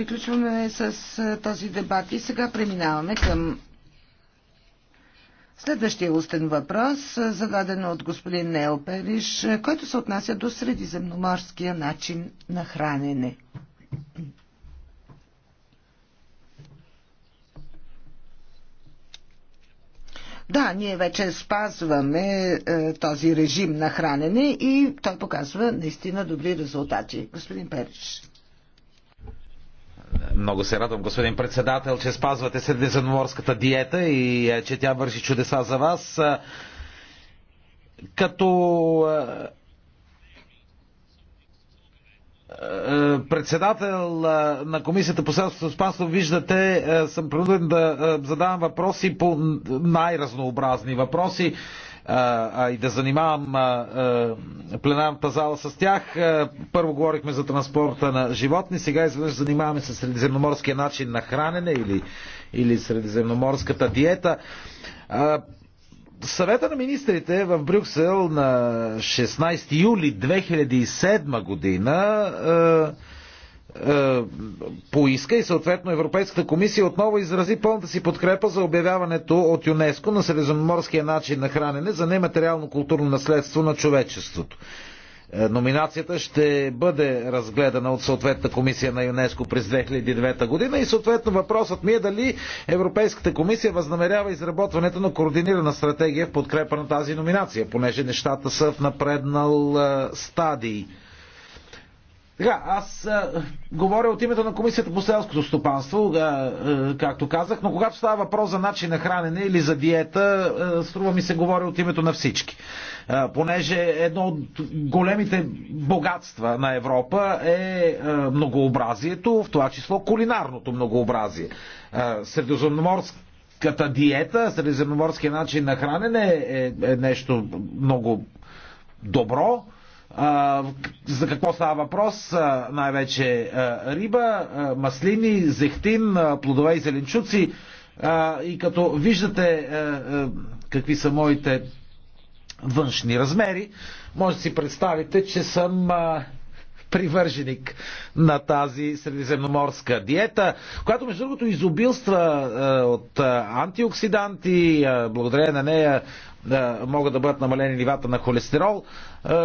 приключваме с този дебат и сега преминаваме към следващия устен въпрос, зададен от господин Нел Периш, който се отнася до средиземноморския начин на хранене. Да, ние вече спазваме е, този режим на хранене и той показва наистина добри резултати. Господин Периш. Много се радвам, господин председател, че спазвате средиземноморската диета и е, че тя върши чудеса за вас. Е, като е, председател на Комисията по селското стопанство, виждате, съм принуден да задавам въпроси по най-разнообразни въпроси а и да занимавам пленарната зала с тях. Първо говорихме за транспорта на животни, сега изведнъж занимаваме с средиземноморския начин на хранене или, или средиземноморската диета. Съвета на министрите в Брюксел на 16 юли 2007 година е, поиска и съответно Европейската комисия отново изрази пълната си подкрепа за обявяването от ЮНЕСКО на средиземноморския начин на хранене за нематериално културно наследство на човечеството. Е, номинацията ще бъде разгледана от съответната комисия на ЮНЕСКО през 2009 година и съответно въпросът ми е дали Европейската комисия възнамерява изработването на координирана стратегия в подкрепа на тази номинация, понеже нещата са в напреднал е, стадий. Така, аз а, говоря от името на Комисията по селското стопанство, а, а, както казах, но когато става въпрос за начин на хранене или за диета, а, струва ми се говоря от името на всички. А, понеже едно от големите богатства на Европа е а, многообразието, в това число кулинарното многообразие. А, средоземноморск диета, средиземноморския начин на хранене е, е нещо много добро, за какво става въпрос? Най-вече риба, маслини, зехтин, плодове и зеленчуци. И като виждате какви са моите външни размери, може да си представите, че съм привърженик на тази средиземноморска диета, която между другото изобилства от антиоксиданти, благодарение на нея могат да бъдат намалени нивата на холестерол. Е, е,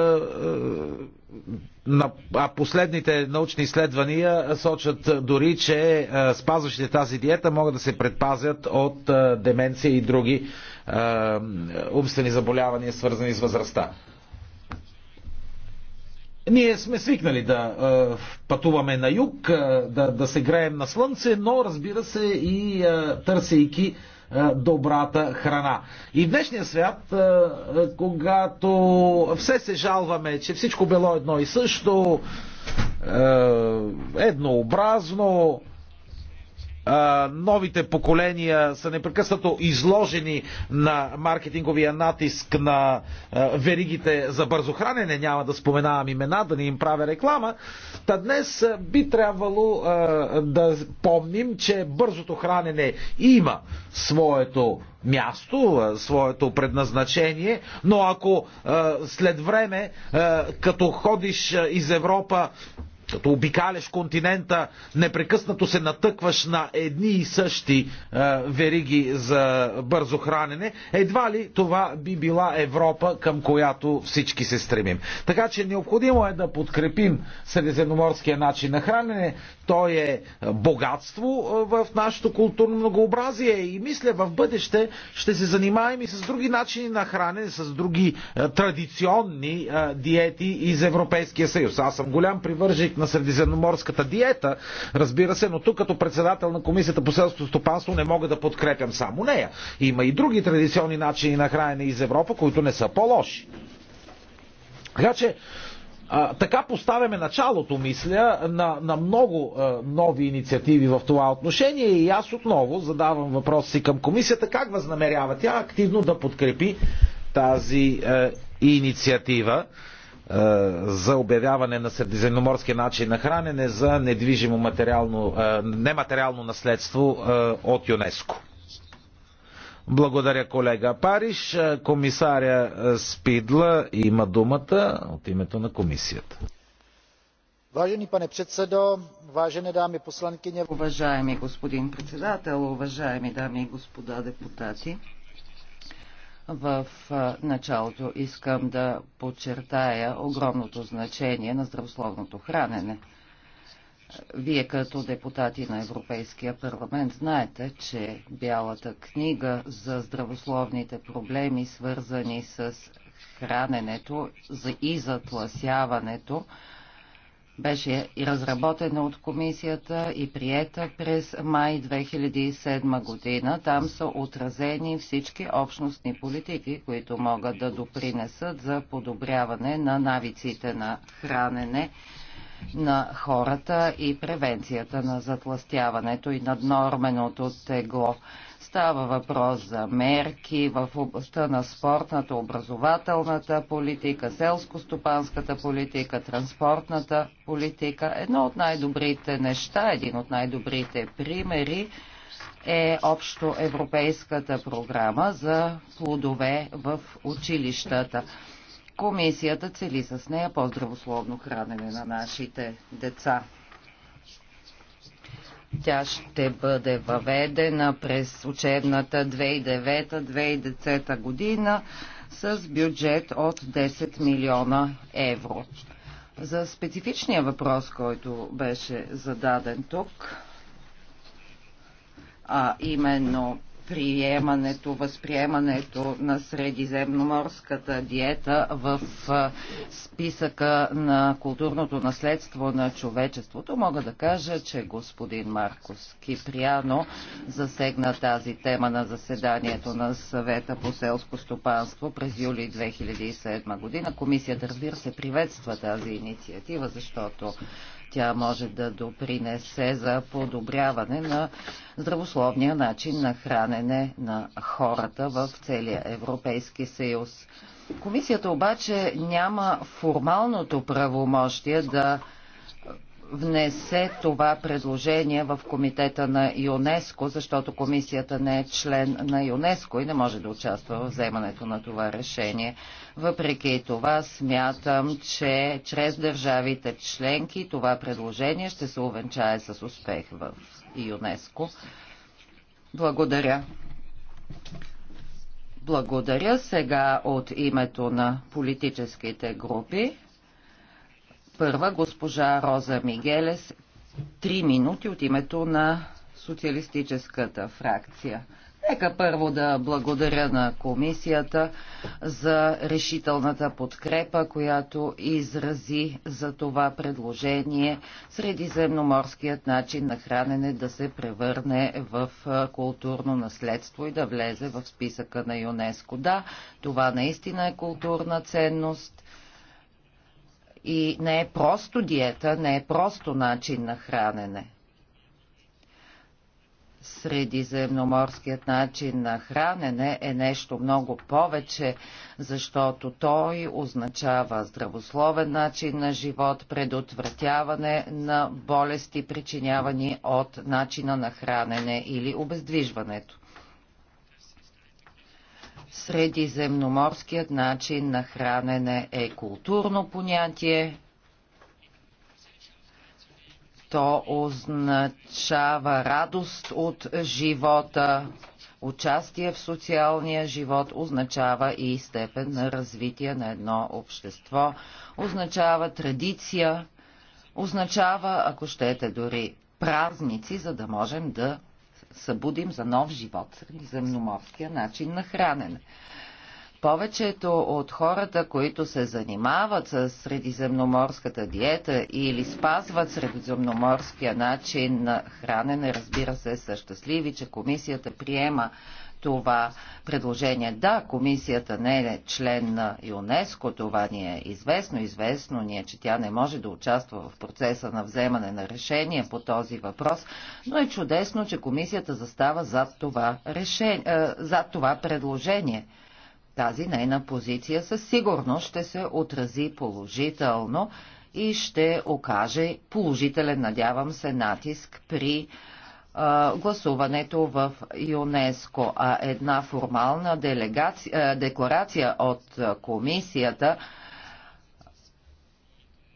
а последните научни изследвания сочат дори, че е, спазващите тази диета могат да се предпазят от деменция и други умствени заболявания, свързани с възрастта. Ние сме свикнали да е, пътуваме на юг, е, да, да се греем на слънце, но разбира се и е, търсейки е, добрата храна. И в днешния свят, е, е, когато все се жалваме, че всичко било едно и също, еднообразно, новите поколения са непрекъснато изложени на маркетинговия натиск на веригите за бързо хранене, няма да споменавам имена, да не им правя реклама, та днес би трябвало да помним, че бързото хранене има своето място, своето предназначение, но ако след време, като ходиш из Европа като обикаляш континента, непрекъснато се натъкваш на едни и същи е, вериги за бързо хранене, едва ли това би била Европа, към която всички се стремим. Така че необходимо е да подкрепим средиземноморския начин на хранене, той е богатство в нашето културно многообразие и мисля в бъдеще ще се занимаем и с други начини на хранене, с други традиционни диети из Европейския съюз. Аз съм голям привържик на средиземноморската диета, разбира се, но тук като председател на Комисията по селското стопанство не мога да подкрепям само нея. Има и други традиционни начини на хранене из Европа, които не са по-лоши. Така че а, така поставяме началото, мисля, на, на много а, нови инициативи в това отношение и аз отново задавам въпроса си към комисията как възнамерява тя активно да подкрепи тази а, инициатива за обявяване на средиземноморския начин на хранене за недвижимо материално, нематериално наследство от ЮНЕСКО. Благодаря, колега Париш. Комисаря е, Спидла има думата от името на комисията. Vážený pane předsedo, vážené dámy poslankyně, уважаеми господин председател, уважаеми дами и господа депутати, в е, началото искам да подчертая огромното значение на здравословното хранене. Вие като депутати на Европейския парламент знаете, че Бялата книга за здравословните проблеми, свързани с храненето и затласяването, беше разработена от комисията и приета през май 2007 година. Там са отразени всички общностни политики, които могат да допринесат за подобряване на навиците на хранене на хората и превенцията на затластяването и наднорменото тегло. Става въпрос за мерки в областта на спортната, образователната политика, селско-стопанската политика, транспортната политика. Едно от най-добрите неща, един от най-добрите примери е общо европейската програма за плодове в училищата. Комисията цели с нея по-здравословно хранене на нашите деца. Тя ще бъде въведена през учебната 2009-2010 година с бюджет от 10 милиона евро. За специфичния въпрос, който беше зададен тук, а именно приемането, възприемането на средиземноморската диета в списъка на културното наследство на човечеството, мога да кажа, че господин Маркос Киприяно засегна тази тема на заседанието на съвета по селско стопанство през юли 2007 година. Комисията, разбира се, приветства тази инициатива, защото тя може да допринесе за подобряване на здравословния начин на хранене на хората в целия Европейски съюз. Комисията обаче няма формалното правомощие да внесе това предложение в комитета на ЮНЕСКО, защото комисията не е член на ЮНЕСКО и не може да участва в вземането на това решение. Въпреки това смятам, че чрез държавите членки това предложение ще се увенчае с успех в ЮНЕСКО. Благодаря. Благодаря сега от името на политическите групи. Първа госпожа Роза Мигелес, три минути от името на социалистическата фракция. Нека първо да благодаря на комисията за решителната подкрепа, която изрази за това предложение средиземноморският начин на хранене да се превърне в културно наследство и да влезе в списъка на ЮНЕСКО. Да, това наистина е културна ценност и не е просто диета, не е просто начин на хранене. Средиземноморският начин на хранене е нещо много повече, защото той означава здравословен начин на живот, предотвратяване на болести, причинявани от начина на хранене или обездвижването. Средиземноморският начин на хранене е културно понятие. То означава радост от живота, участие в социалния живот означава и степен на развитие на едно общество, означава традиция, означава, ако щете, дори празници, за да можем да събудим за нов живот земноморския начин на хранене. Повечето от хората, които се занимават с средиземноморската диета или спазват средиземноморския начин на хранене, разбира се, са щастливи, че комисията приема това предложение. Да, комисията не е член на ЮНЕСКО, това ни е известно. Известно ни е, че тя не може да участва в процеса на вземане на решение по този въпрос, но е чудесно, че комисията застава зад това, решение, е, зад това предложение. Тази нейна позиция със сигурност ще се отрази положително и ще окаже положителен, надявам се, натиск при гласуването в ЮНЕСКО, а една формална делегация, декларация от комисията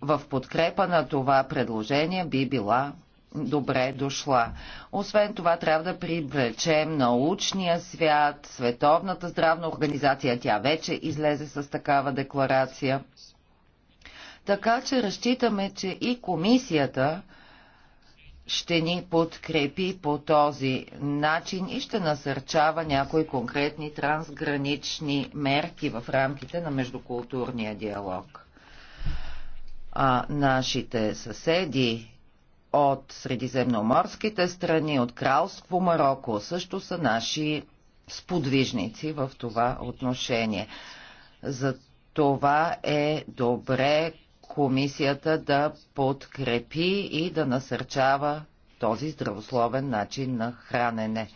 в подкрепа на това предложение би била добре дошла. Освен това, трябва да привлечем научния свят, Световната здравна организация. Тя вече излезе с такава декларация. Така че разчитаме, че и комисията ще ни подкрепи по този начин и ще насърчава някои конкретни трансгранични мерки в рамките на междукултурния диалог. А нашите съседи от средиземноморските страни, от кралство Марокко, също са наши сподвижници в това отношение. За това е добре комисията да подкрепи и да насърчава този здравословен начин на хранене.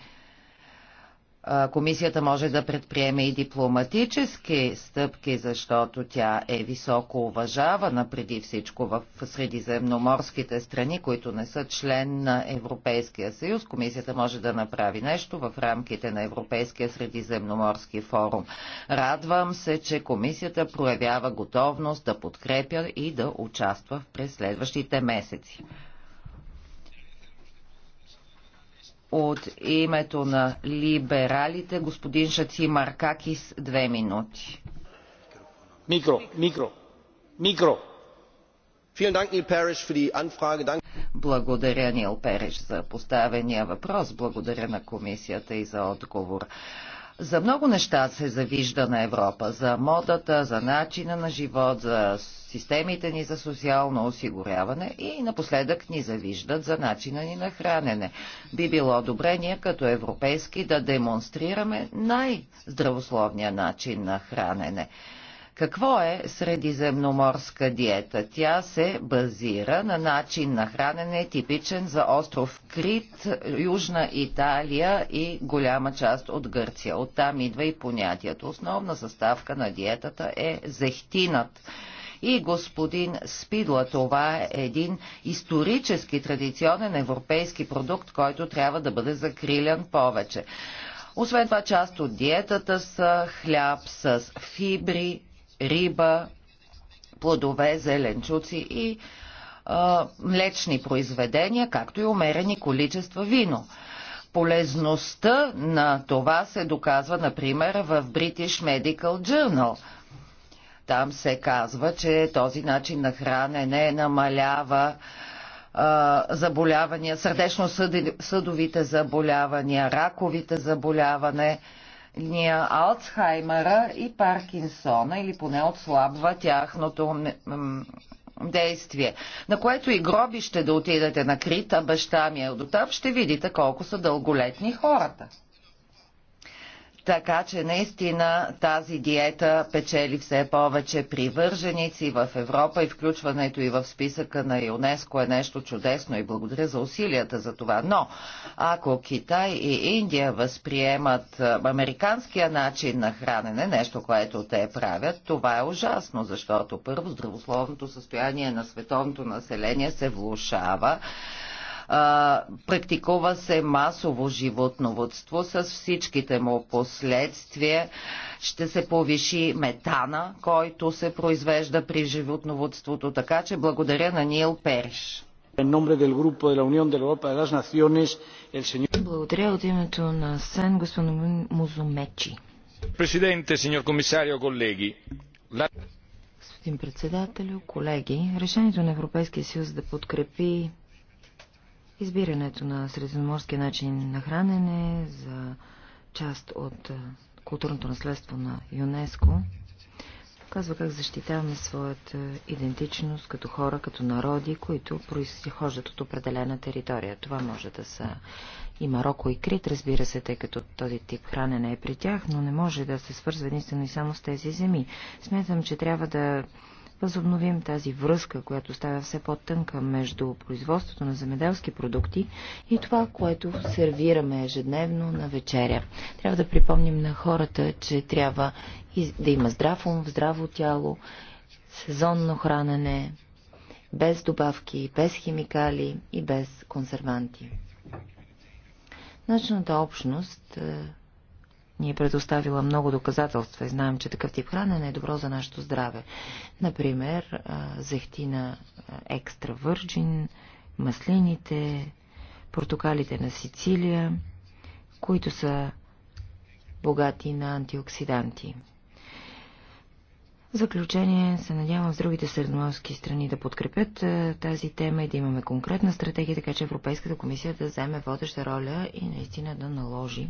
Комисията може да предприеме и дипломатически стъпки, защото тя е високо уважавана преди всичко в средиземноморските страни, които не са член на Европейския съюз. Комисията може да направи нещо в рамките на Европейския средиземноморски форум. Радвам се, че комисията проявява готовност да подкрепя и да участва през следващите месеци. от името на либералите господин Шаци Маркакис две минути. Микро, микро, микро. Благодаря, Нил Переш, за поставения въпрос. Благодаря на комисията и за отговор. За много неща се завижда на Европа. За модата, за начина на живот, за системите ни за социално осигуряване и напоследък ни завиждат за начина ни на хранене. Би било добре ние като европейски да демонстрираме най-здравословния начин на хранене. Какво е средиземноморска диета? Тя се базира на начин на хранене, типичен за остров Крит, Южна Италия и голяма част от Гърция. Оттам идва и понятието. Основна съставка на диетата е зехтинат и господин Спидла. Това е един исторически традиционен европейски продукт, който трябва да бъде закрилян повече. Освен това, част от диетата са хляб с фибри, риба, плодове, зеленчуци и а, млечни произведения, както и умерени количества вино. Полезността на това се доказва, например, в British Medical Journal. Там се казва, че този начин на хранене намалява а, заболявания, сърдечно-съдовите заболявания, раковите заболяване, ния Алцхаймера и Паркинсона или поне отслабва тяхното действие, на което и гробище да отидете на Крит, а баща ми е от ще видите колко са дълголетни хората. Така че наистина тази диета печели все повече привърженици в Европа и включването и в списъка на ЮНЕСКО е нещо чудесно и благодаря за усилията за това. Но ако Китай и Индия възприемат американския начин на хранене, нещо, което те правят, това е ужасно, защото първо здравословното състояние на световното население се влушава а, практикува се масово животноводство с всичките му последствия. Ще се повиши метана, който се произвежда при животноводството. Така че благодаря на Нил Периш. Благодаря от името на СЕН, господин Музумечи. Президенте, сеньор комисарио, колеги. Господин председател, колеги, решението на Европейския съюз да подкрепи избирането на средиземноморския начин на хранене за част от културното наследство на ЮНЕСКО казва как защитаваме своята идентичност като хора, като народи, които произхождат от определена територия. Това може да са и Марокко и Крит, разбира се, тъй като този тип хранене е при тях, но не може да се свързва единствено и само с тези земи. Смятам, че трябва да възобновим тази връзка, която става все по-тънка между производството на земеделски продукти и това, което сервираме ежедневно на вечеря. Трябва да припомним на хората, че трябва да има здрав ум, здраво тяло, сезонно хранене, без добавки, без химикали и без консерванти. Начната общност ни е предоставила много доказателства и знаем, че такъв тип хранене е добро за нашето здраве. Например, зехтина екстра върджин, маслините, портокалите на Сицилия, които са богати на антиоксиданти. В заключение се надявам с другите средноморски страни да подкрепят е, тази тема и да имаме конкретна стратегия, така че Европейската комисия да вземе водеща роля и наистина да наложи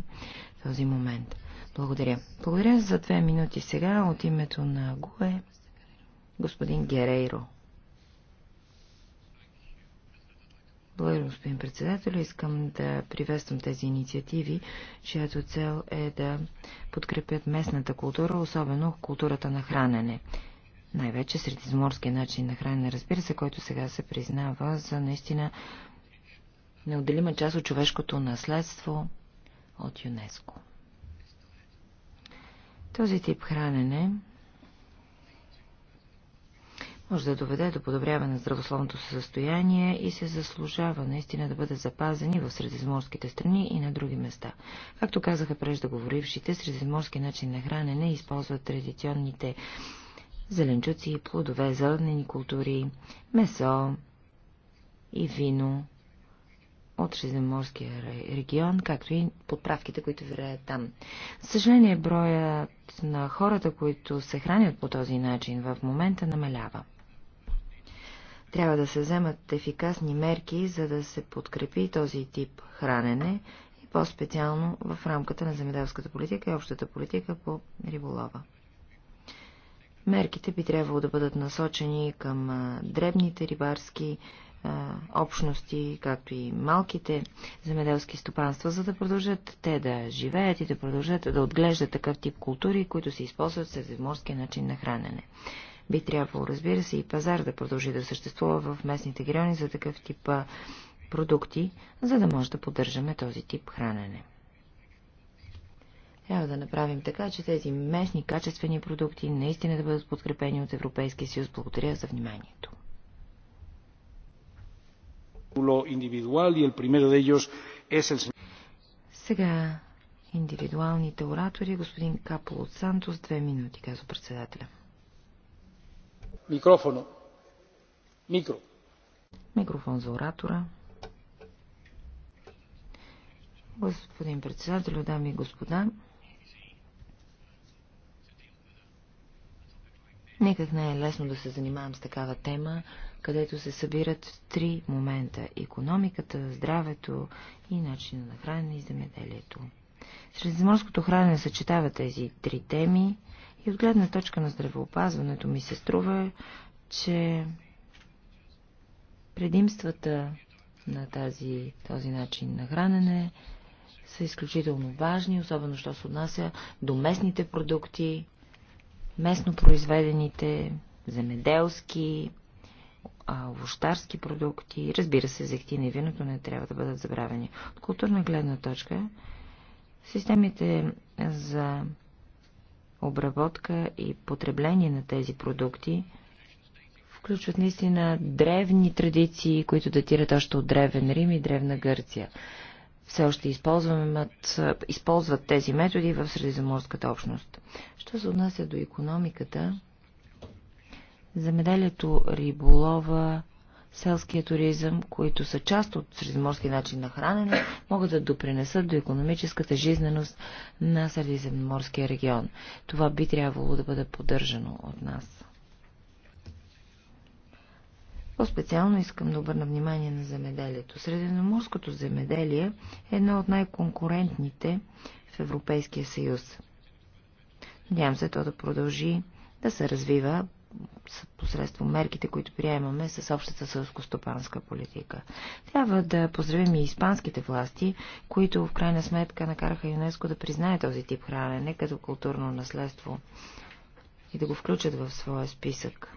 този момент. Благодаря. Благодаря за две минути сега от името на ГУЕ господин Герейро. Благодаря, господин председател. Искам да приветствам тези инициативи, чиято цел е да подкрепят местната култура, особено културата на хранене. Най-вече средиземорския начин на хранене, разбира се, който сега се признава за наистина неотделима част от човешкото наследство от ЮНЕСКО. Този тип хранене може да доведе до подобряване на здравословното състояние и се заслужава наистина да бъдат запазени в средиземорските страни и на други места. Както казаха преждаговорившите, средиземорски начин на хранене използват традиционните зеленчуци, плодове, зеленени култури, месо и вино от средиземорския регион, както и подправките, които виреят там. съжаление, броят на хората, които се хранят по този начин в момента намалява. Трябва да се вземат ефикасни мерки, за да се подкрепи този тип хранене и по-специално в рамката на земеделската политика и общата политика по риболова. Мерките би трябвало да бъдат насочени към дребните рибарски общности, както и малките земеделски стопанства, за да продължат те да живеят и да продължат да отглеждат такъв тип култури, които се използват в средиземорския начин на хранене. Би трябвало, разбира се, и пазар да продължи да съществува в местните райони за такъв тип продукти, за да може да поддържаме този тип хранене. Трябва да направим така, че тези местни качествени продукти наистина да бъдат подкрепени от Европейския съюз. Благодаря за вниманието. Сега индивидуалните оратори, господин Капол от Сантос, две минути, казва председателя. Микрофон. Микро. Микрофон за оратора. Господин председател, дами и господа, никак не е лесно да се занимавам с такава тема, където се събират три момента – економиката, здравето и начина на хранене и земеделието. Средиземорското хранене съчетава тези три теми и от гледна точка на здравеопазването ми се струва, че предимствата на тази, този начин на хранене са изключително важни, особено що се отнася до местните продукти, местно произведените, земеделски, овощарски продукти. Разбира се, зехтина и виното не трябва да бъдат забравени. От културна гледна точка, системите за обработка и потребление на тези продукти включват наистина древни традиции, които датират още от Древен Рим и Древна Гърция. Все още използват, използват тези методи в средиземорската общност. Що се отнася до економиката, замеделието, риболова, селския туризъм, които са част от средиморски начин на хранене, могат да допринесат до економическата жизненост на средиземноморския регион. Това би трябвало да бъде поддържано от нас. По-специално искам да обърна внимание на земеделието. Средиземноморското земеделие е едно от най-конкурентните в Европейския съюз. Надявам се то да продължи да се развива посредством мерките, които приемаме с общата сълскостопанска политика. Трябва да поздравим и испанските власти, които в крайна сметка накараха ЮНЕСКО да признае този тип хранене като културно наследство и да го включат в своя списък.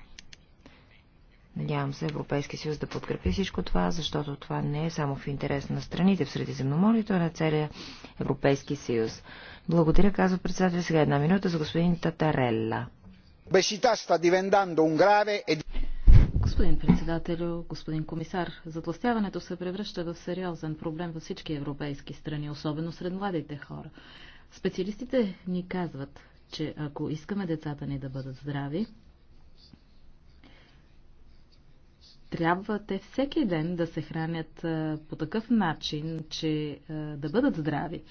Надявам се Европейския съюз да подкрепи всичко това, защото това не е само в интерес на страните в Средиземноморието, а на целия Европейски съюз. Благодаря, казва председателя. Сега една минута за господин Татарелла. Бешита ста дивендандо un grave e... Господин председател, господин комисар, затластяването се превръща в сериозен проблем във всички европейски страни, особено сред младите хора. Специалистите ни казват, че ако искаме децата ни да бъдат здрави, трябва те всеки ден да се хранят по такъв начин, че да бъдат здрави.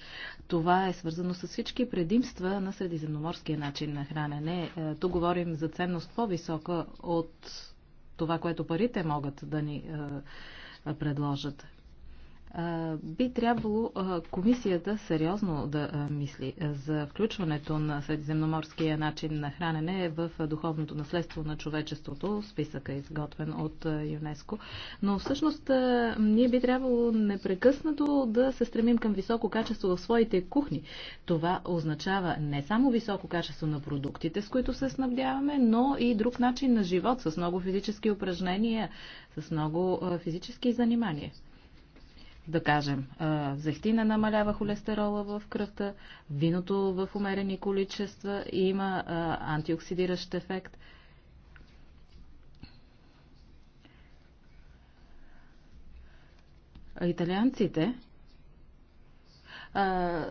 Това е свързано с всички предимства на средиземноморския начин на хранене. Тук говорим за ценност по-висока от това, което парите могат да ни предложат би трябвало комисията сериозно да мисли за включването на средиземноморския начин на хранене в духовното наследство на човечеството, списъка е изготвен от ЮНЕСКо. Но всъщност ние би трябвало непрекъснато да се стремим към високо качество в своите кухни. Това означава не само високо качество на продуктите, с които се снабдяваме, но и друг начин на живот, с много физически упражнения, с много физически занимания да кажем, зехтина намалява холестерола в кръвта, виното в умерени количества има антиоксидиращ ефект. Италианците а,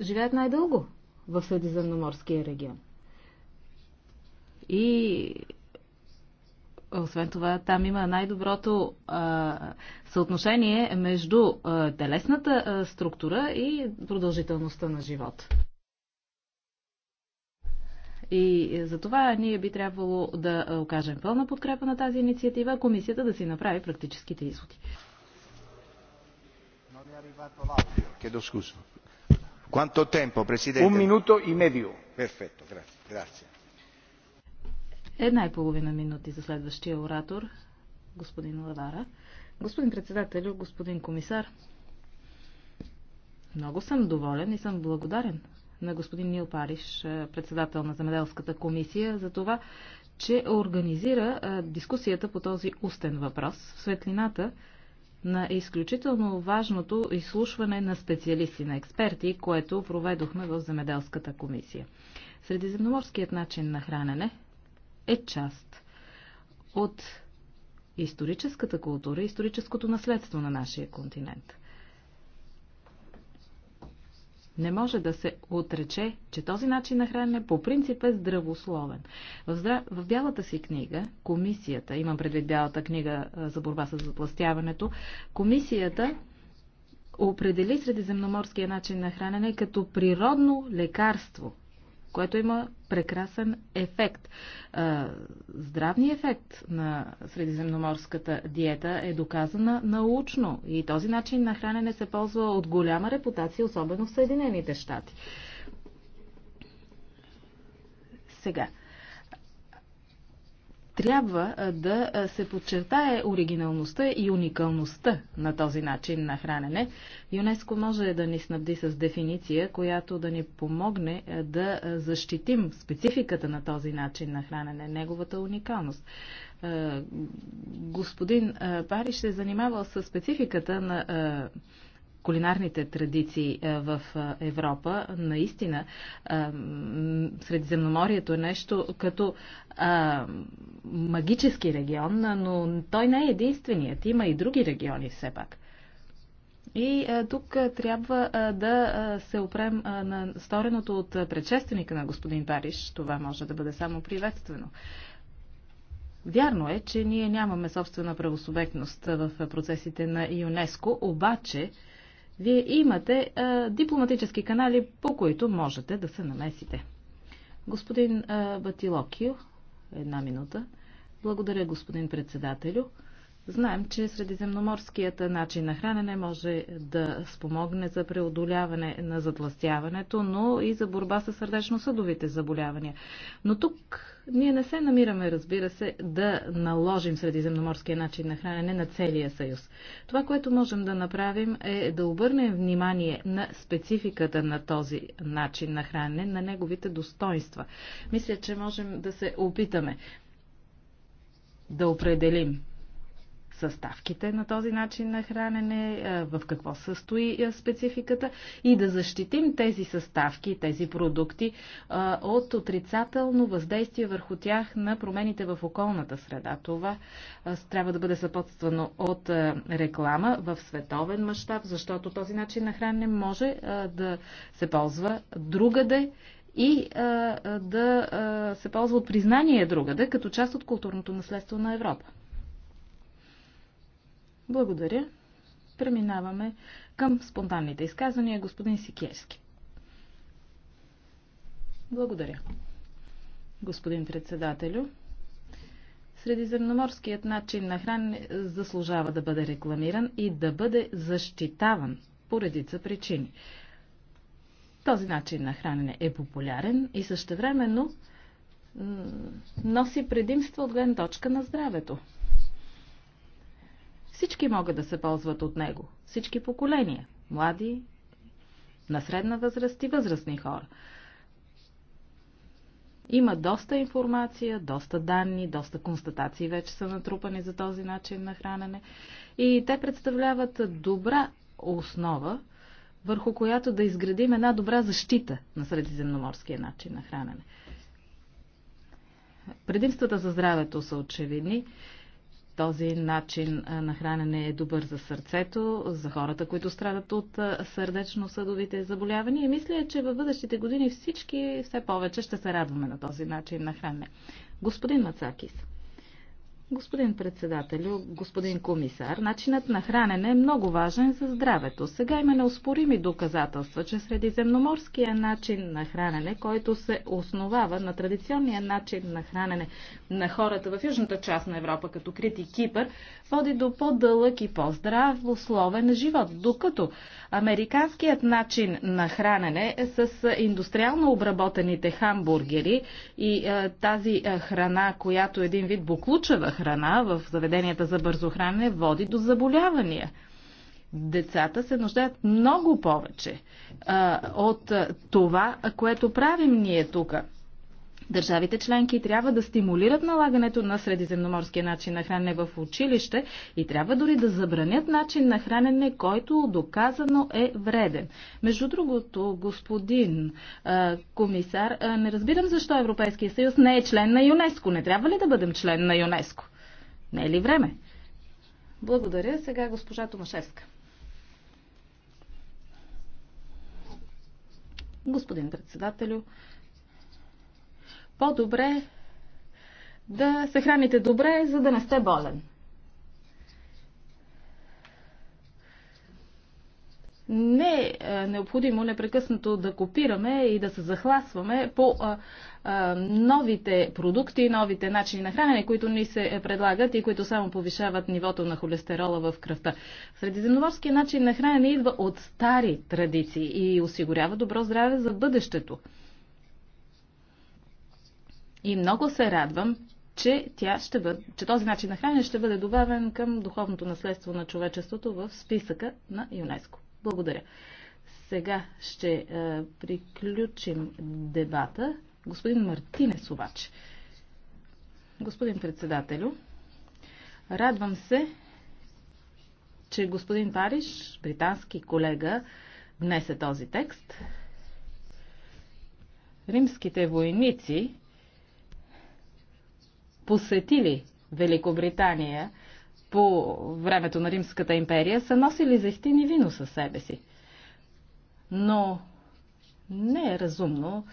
живеят най-дълго в Средиземноморския регион. И освен това, там има най-доброто съотношение между а, телесната а, структура и продължителността на живот. И е, за това ние би трябвало да окажем пълна подкрепа на тази инициатива, комисията да си направи практическите изводи. Un minuto y e medio. Perfecto, gracias. gracias. Една и половина минути за следващия оратор, господин Лавара. Господин председател, господин комисар, много съм доволен и съм благодарен на господин Нил Париш, е, председател на Земеделската комисия, за това, че организира е, дискусията по този устен въпрос в светлината на изключително важното изслушване на специалисти, на експерти, което проведохме в Земеделската комисия. Средиземноморският начин на хранене е част от историческата култура и историческото наследство на нашия континент. Не може да се отрече, че този начин на хранене по принцип е здравословен. В, здрав... в бялата си книга, комисията, имам предвид бялата книга за борба с запластяването, комисията определи средиземноморския начин на хранене като природно лекарство – което има прекрасен ефект. Здравният ефект на средиземноморската диета е доказана научно и този начин на хранене се ползва от голяма репутация, особено в Съединените щати. Сега, трябва да се подчертае оригиналността и уникалността на този начин на хранене. ЮНЕСКО може да ни снабди с дефиниция, която да ни помогне да защитим спецификата на този начин на хранене, неговата уникалност. Господин Париш се занимавал с спецификата на кулинарните традиции е, в е, Европа, наистина е, Средиземноморието е нещо като магически регион, но той не е единственият. Има и други региони все пак. И а, тук а, трябва а, да се опрем а, на стореното от предшественика на господин Париж. Това може да бъде само приветствено. Вярно е, че ние нямаме собствена правосубектност в процесите на ЮНЕСКО, обаче вие имате а, дипломатически канали, по които можете да се намесите. Господин а, Батилокио, една минута. Благодаря, господин председателю. Знаем, че средиземноморският начин на хранене може да спомогне за преодоляване на затластяването, но и за борба с сърдечно-съдовите заболявания. Но тук ние не се намираме, разбира се, да наложим средиземноморския начин на хранене на целия съюз. Това, което можем да направим е да обърнем внимание на спецификата на този начин на хранене, на неговите достоинства. Мисля, че можем да се опитаме да определим съставките на този начин на хранене, в какво състои спецификата и да защитим тези съставки, тези продукти от отрицателно въздействие върху тях на промените в околната среда. Това трябва да бъде съпътствано от реклама в световен мащаб, защото този начин на хранене може да се ползва другаде и а, да а, се ползва от признание другаде, като част от културното наследство на Европа. Благодаря. Преминаваме към спонтанните изказвания. Господин Сикерски. Благодаря. Господин председателю, Средиземноморският начин на хранене заслужава да бъде рекламиран и да бъде защитаван по редица причини. Този начин на хранене е популярен и същевременно носи предимство от гледна точка на здравето. Всички могат да се ползват от него. Всички поколения. Млади, на средна възраст и възрастни хора. Има доста информация, доста данни, доста констатации вече са натрупани за този начин на хранене и те представляват добра основа, върху която да изградим една добра защита на средиземноморския начин на хранене. Предимствата за здравето са очевидни. Този начин на хранене е добър за сърцето, за хората, които страдат от сърдечно-съдовите заболявания. И мисля, че във бъдещите години всички все повече ще се радваме на този начин на хранене. Господин Мацакис. Господин председател, господин комисар, начинът на хранене е много важен за здравето. Сега има неоспорими доказателства, че средиземноморския начин на хранене, който се основава на традиционния начин на хранене на хората в южната част на Европа, като Крит и Кипър, води до по-дълъг и по здрав условен живот, докато американският начин на хранене е с индустриално обработените хамбургери и е, тази е, храна, която един вид буклучева храна, храна в заведенията за бързо хранене води до заболявания. Децата се нуждаят много повече а, от това, което правим ние тук. Държавите членки трябва да стимулират налагането на средиземноморския начин на хранене в училище и трябва дори да забранят начин на хранене, който доказано е вреден. Между другото, господин а, комисар, а, не разбирам защо Европейския съюз не е член на ЮНЕСКО. Не трябва ли да бъдем член на ЮНЕСКО? Не е ли време? Благодаря. Сега госпожа Томашевска. Господин председателю, по-добре да се храните добре, за да не сте болен. не е, е необходимо непрекъснато да копираме и да се захласваме по е, е, новите продукти, новите начини на хранене, които ни се предлагат и които само повишават нивото на холестерола в кръвта. Средиземноморския начин на хранене идва от стари традиции и осигурява добро здраве за бъдещето. И много се радвам, че, тя ще бъде, че този начин на хранене ще бъде добавен към духовното наследство на човечеството в списъка на ЮНЕСКО. Благодаря. Сега ще е, приключим дебата. Господин Мартинес обаче. Господин председателю, радвам се, че господин Париж, британски колега, внесе този текст. Римските войници посетили Великобритания по времето на Римската империя са носили зехтин и вино със себе си. Но не е разумно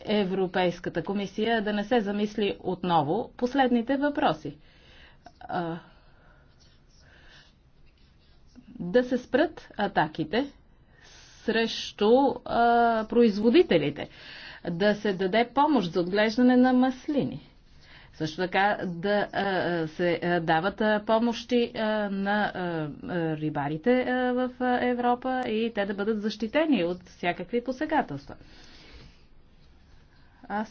Европейската комисия да не се замисли отново последните въпроси. А, да се спрат атаките срещу а, производителите, да се даде помощ за отглеждане на маслини също така да се дават помощи на рибарите в Европа и те да бъдат защитени от всякакви посегателства. Аз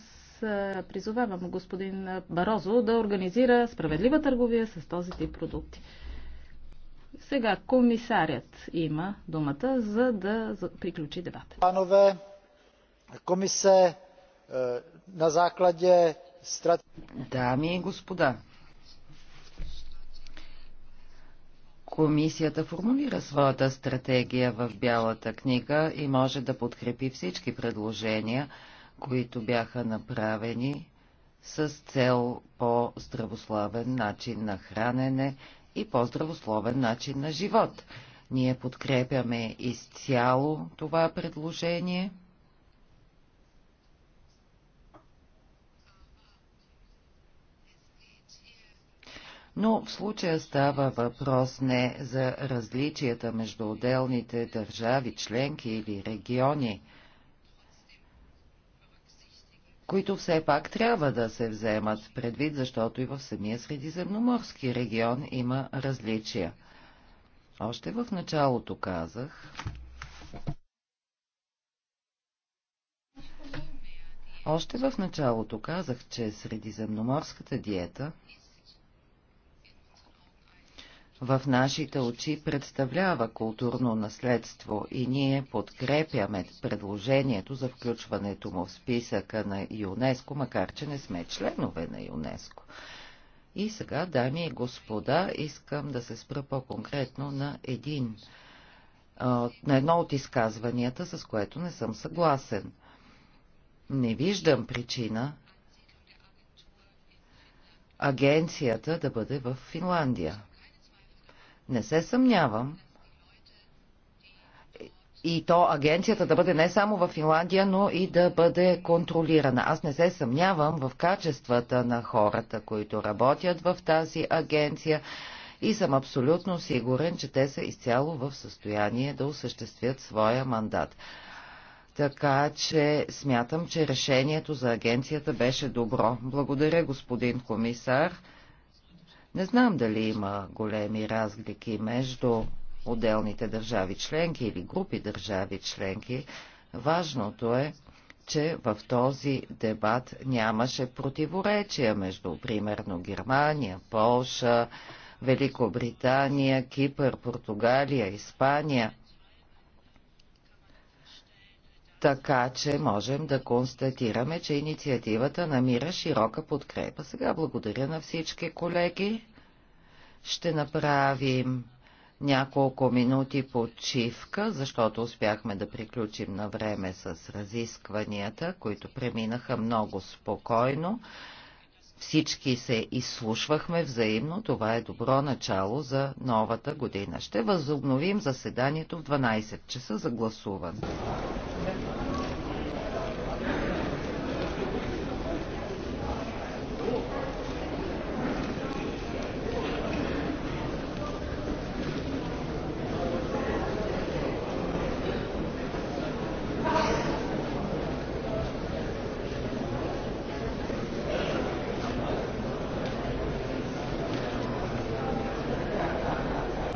призовавам господин Барозо да организира справедлива търговия с този тип продукти. Сега комисарят има думата, за да приключи дебата. Панове, комисе, е, на Закладе. Дами и господа, Комисията формулира своята стратегия в Бялата книга и може да подкрепи всички предложения, които бяха направени с цел по-здравословен начин на хранене и по-здравословен начин на живот. Ние подкрепяме изцяло това предложение – но в случая става въпрос не за различията между отделните държави, членки или региони, които все пак трябва да се вземат предвид, защото и в самия средиземноморски регион има различия. Още в началото казах, още в началото казах, че средиземноморската диета – в нашите очи представлява културно наследство и ние подкрепяме предложението за включването му в списъка на ЮНЕСКО, макар че не сме членове на ЮНЕСКО. И сега, дами и господа, искам да се спра по-конкретно на един, на едно от изказванията, с което не съм съгласен. Не виждам причина агенцията да бъде в Финландия. Не се съмнявам. И то агенцията да бъде не само в Финландия, но и да бъде контролирана. Аз не се съмнявам в качествата на хората, които работят в тази агенция и съм абсолютно сигурен, че те са изцяло в състояние да осъществят своя мандат. Така че смятам, че решението за агенцията беше добро. Благодаря, господин комисар. Не знам дали има големи разлики между отделните държави членки или групи държави членки. Важното е, че в този дебат нямаше противоречия между, примерно, Германия, Полша, Великобритания, Кипър, Португалия, Испания. Така че можем да констатираме, че инициативата намира широка подкрепа. Сега благодаря на всички колеги. Ще направим няколко минути почивка, защото успяхме да приключим на време с разискванията, които преминаха много спокойно. Всички се изслушвахме взаимно. Това е добро начало за новата година. Ще възобновим заседанието в 12 часа за гласуване.